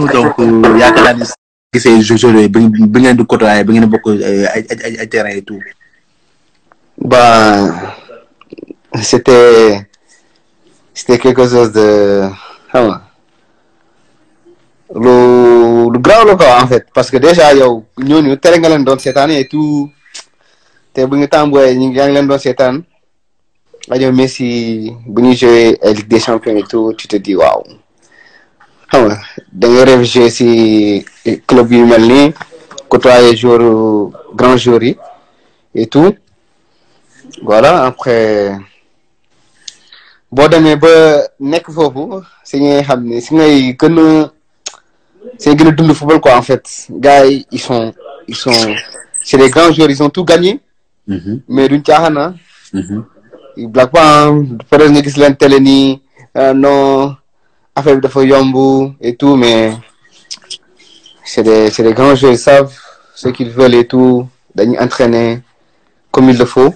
ñu donc euh, yaakaar la ne gisee jeux yooyu bi bi ngeen di côtoyer bi ngeen bokk euh, ay ay terrain et tout. ba c'était c'était quelque chose de xam lo lu lu grave quoi en fait parce que déjà yow ñooñu téré nga leen doon sétane et tout té bu ñu tambué ñi nga ngi leen doon sétane nga Messi bu ñuy jouer Ligue des champions et tout tu te dis waaw xam waree jouer si club humain mel côtoyer jour grand jury et tout voilà après bon demee ba n'est fofu si ngay xamni c'est si ngay gën c'est dund football quoi en fait gars ils sont ils sont c'est les grands jours ils ont tout gagné. Mm-hmm. mais duñ caaxaan hmm ils blaguent pas hein. ah les être nga gis télé euh, non affaire de dafa et tout mais c'est des des grands joueurs ils savent ce qu'ils veulent et tout d'entraîner entraîner comme il le faut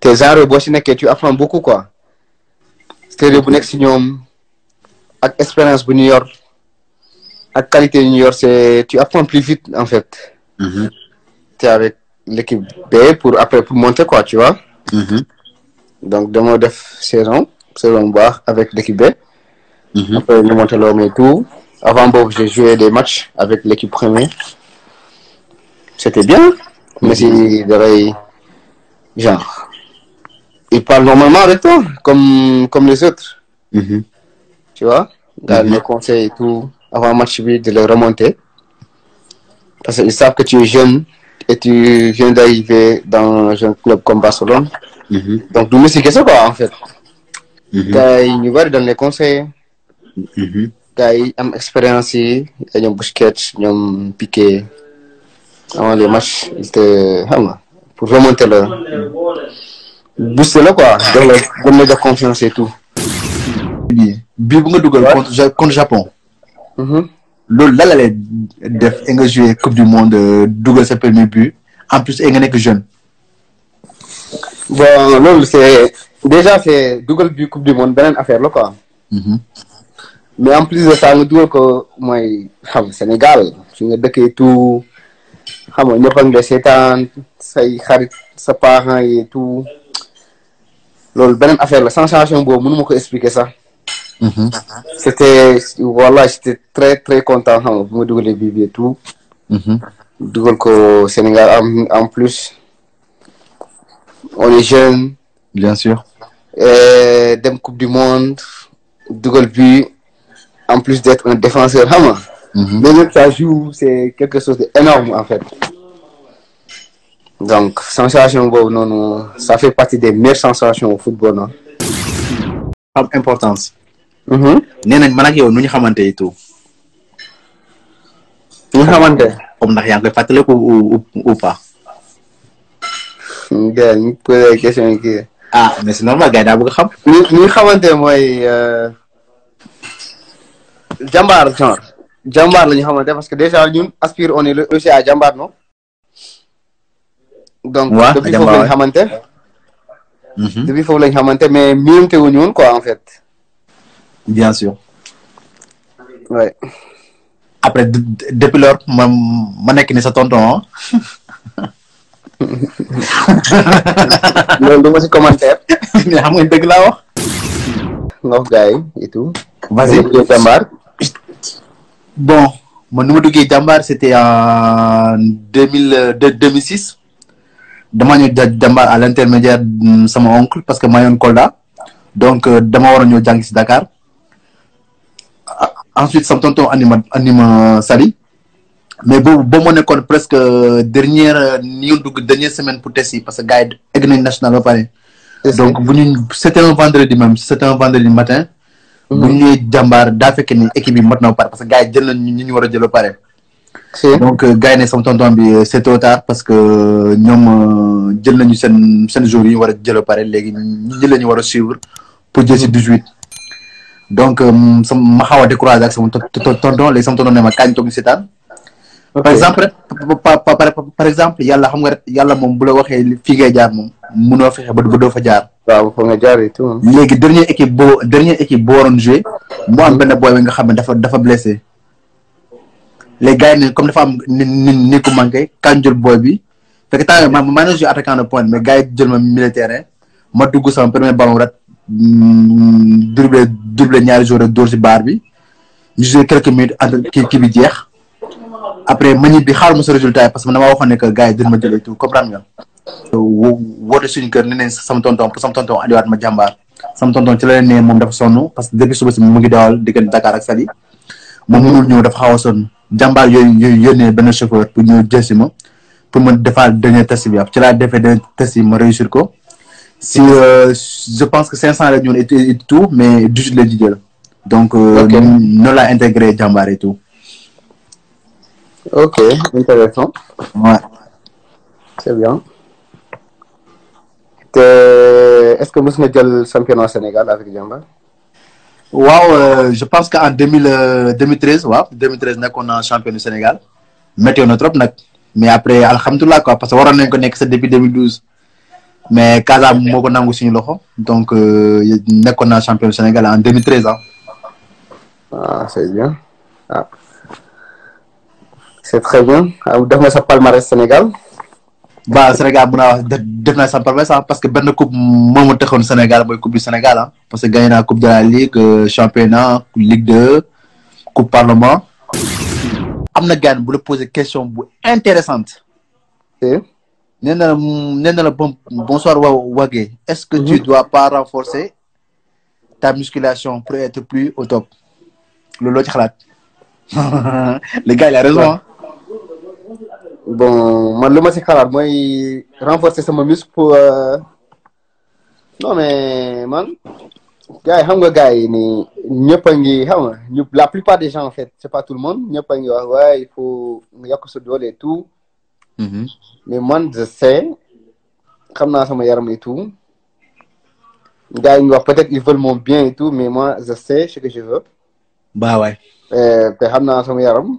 tes tu apprends beaucoup quoi c'est le nekk si avec expérience de New York avec qualité New York tu apprends plus vite en fait mm-hmm. Tu es avec l'équipe B pour après pour monter quoi tu vois mm-hmm. donc demain, def saison saison avec l'équipe B après mhm. le remonter l'homme et tout. Avant bon j'ai joué des matchs avec l'équipe première. C'était bien, mais mhm. c'est vrai, genre, Ils parlent normalement avec toi, comme, comme les autres. Mhm. Tu vois, dans mm conseils et tout, avant match, de les remonter. Parce qu'ils savent que tu es jeune et tu viens d'arriver dans un club comme Barcelone. Donc, nous, c'est que ça, quoi, en fait. ils As, une nous dans les conseils. Mhm. gars yi am expérience yi ñoom Busquets ñoom Piqué avant les matchs te était nga pour remonter le booster là quoi donc la de la confiance et tout. bi bu nga dugal contre contre Japon. Mhm. loolu lan la lay def nga jouer coupe du monde euh, dugal sa premier but en plus nga que jeune. bon loolu c'est, déjà c'est est bi coupe du monde benen affaire la quoi. Mhm mais en plus de ça nous dugal que mooy xam Sénégal fi nga que tout xam nga ñëpp a ngi Je say xarit sa parents et tout Lol, beneen affaire la sensation je ne peux pas expliquer ça mm-hmm. c'était voilà j'étais très très content xam nga bu et tout. bii bi tout. dugal ko Sénégal en en plus on est jeune. bien sûr. dem coupe du monde dugal puis en plus d'être un défenseur, vraiment. Mhm. Mais ça joue, c'est quelque chose d'énorme, en fait. Donc, sensation, non, non, ça fait partie des meilleures sensations au football, non? Importance. Mm -hmm. man ak et tout. comme ndax dit, nous ou pas. ah mais c'est normal gars nous xam. dit, Jambar, genre jambar lañu xamanté parce que déjà ñun aspire on est e aussi à jambar non donc mhm. depuis foofu lañ xamante depuis fofu lañu xamanté mais miinante wuñu woon quoi en fait bien sûr ouais après depuis lors ma ma nek ni sa tonton loolu du ma ci commentaire ni xam nga deug la wax ngox gay et tout vas-y jambar bon mon numéro de Dambar, c'était en 2006 2006 deux mille à l'intermédiaire de mon oncle parce que maa yoon Kolda donc euh, dama war a à Dakar ensuite son tonton anima anima Sali mais bon bon ma nekkoon presque euh, dernière euh, dernière semaine pour tester parce que gars yi national donc c'était un vendredi même c'était un vendredi matin bu mm-hmm. ñu daa fekk ni équipe yi mot na pare parce que gars yi jël nañ ñu ñu war a jël pare. donc euh, gars yi ne sama tonton bi euh, c'est trop tard parce que euh, ñoom jël nañu seen seen jour yi war a jël pare léegi ñi la ñu war a suivre pour jël si 18. Mm-hmm. donc sama ma xaw a découragé ak sama tonton léegi sama tonton ne ma kañ toog ñu seetaan. par exemple rek par par exemple yàlla xam nga rek yàlla moom bu la waxee fii ngay jaar moom munoo fexe ba doo fa jaar. waaw fa nga jaaree tout. léegi dernière équipe boo dernière équipe boo waroon joué mu am hmm. benn booy bi nga xam ne dafa dafa blessé les gars yi comme dafa am ni ni ni ku manqué kan jël bi fekk temps yii ma ma maa gars yi jël ma militaire ma dugg sama premier ballon rat hmm, dribble dribble ñaari jours rek dóor si baar bi ñu joué quelques minutes entre kii kii bi jeex après ma ñibbi xaar ma résultat parce que man damaa waxoon ne que jël ma jël tout comprendre nga. woote suñu kër ne neen sama tonton pour sama tonton andiwaat ma jàmbaar sama tonton ci la leen ne moom dafa sonn parce que depuis suba si mu ngi dawal diggante Dakar ak Saly moom mënul ñëw dafa xaw a sonn jàmbaar yooyu yónnee benn chauffeur pour ñëw jël si ma pour ma defaat dernier test bi ci laa defee dernier test yi ma réussir ko si euh, je pense que cinq cent la ñu woon et tout mais du huit la ñu jël donc euh, noonu la intégré jàmbaar et tout ok intéressant ouais c'est bien est-ce que vous avez le championnat au Sénégal avec Diamba euh, je pense qu'en 2013, 2013, nous avons un champion du Sénégal. Météo notre mais après, Alhamdulillah, quoi, parce que a un connexe depuis 2012. Mais quand on a donné nous Donc, euh, nous champion du Sénégal en 2013. Hein. Ah, c'est bien. Ah. C'est très bien. Vous donnez ça palmarès Sénégal bah Sénégal mën naa def na sa promesse hein, parce que ben coupe momo ma Sénégal mooy coupe du Sénégal hein, parce que gagné la coupe de la ligue euh, championnat ligue 2 coupe parlement. Je na poser une poser question intéressante eh? nee na la bonsoir wa est-ce que tu mhm. dois pas renforcer ta musculation pour être plus au top le ci les le gars il a raison hein bon man luma ci si xalaat mooy renforcer sama muscle pour euh, non mais man gars yi xam nga gars yi nii ñëpp xam nga la plupart des gens en fait c'est pas tout le monde ñëpp a ngi il faut nga yokk sa et tout. Mm-hmm. mais man je sais xam naa sama yaram et tout. gars yi wax peut-être ils veulent mon bien et tout mais moi je sais ce que je veux. bah ouais. Euh, te xam naa sama yaram.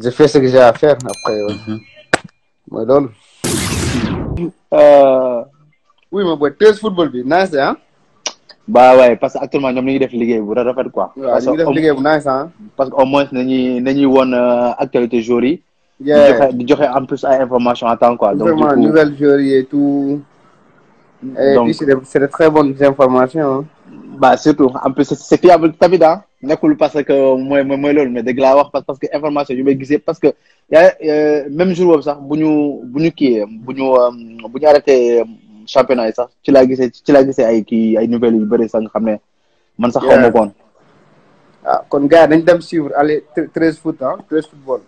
j'ai fait ce que j'ai à faire après. Ouais. Mm -hmm. oui ma boy test football bien nice hein. bah ouais parce que actuellement ñoom ñu ngi def vous bu rafet quoi. waaw ñu ngi Ligue nice hein. parce qu'au moins nous nañuy woon euh, actualité jury il y a di en plus à information en temps quoi. donc vraiment nouvelle jury et tout. donc c'est de très bonnes informations. hein bah surtout en plus c' c'est fiable hein. parce que moi moi mais je parce que information yu me disais parce que a même jour comme sax a ñu qui euh, arrêté euh, championnat ci nouvelles yu sax man ah, gars suivre allez treize foot hein treize football.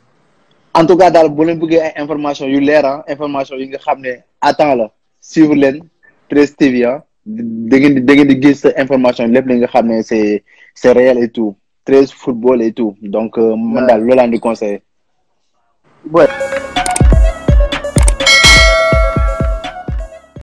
en tout cas dans le bonheur ay information yu hein information il la suivre treize TV hein da ngeen di da di gis information lépp li nga xam ne c'est c'est réel et tout treize football et tout donc euh, man daal loolu laa di conseillé.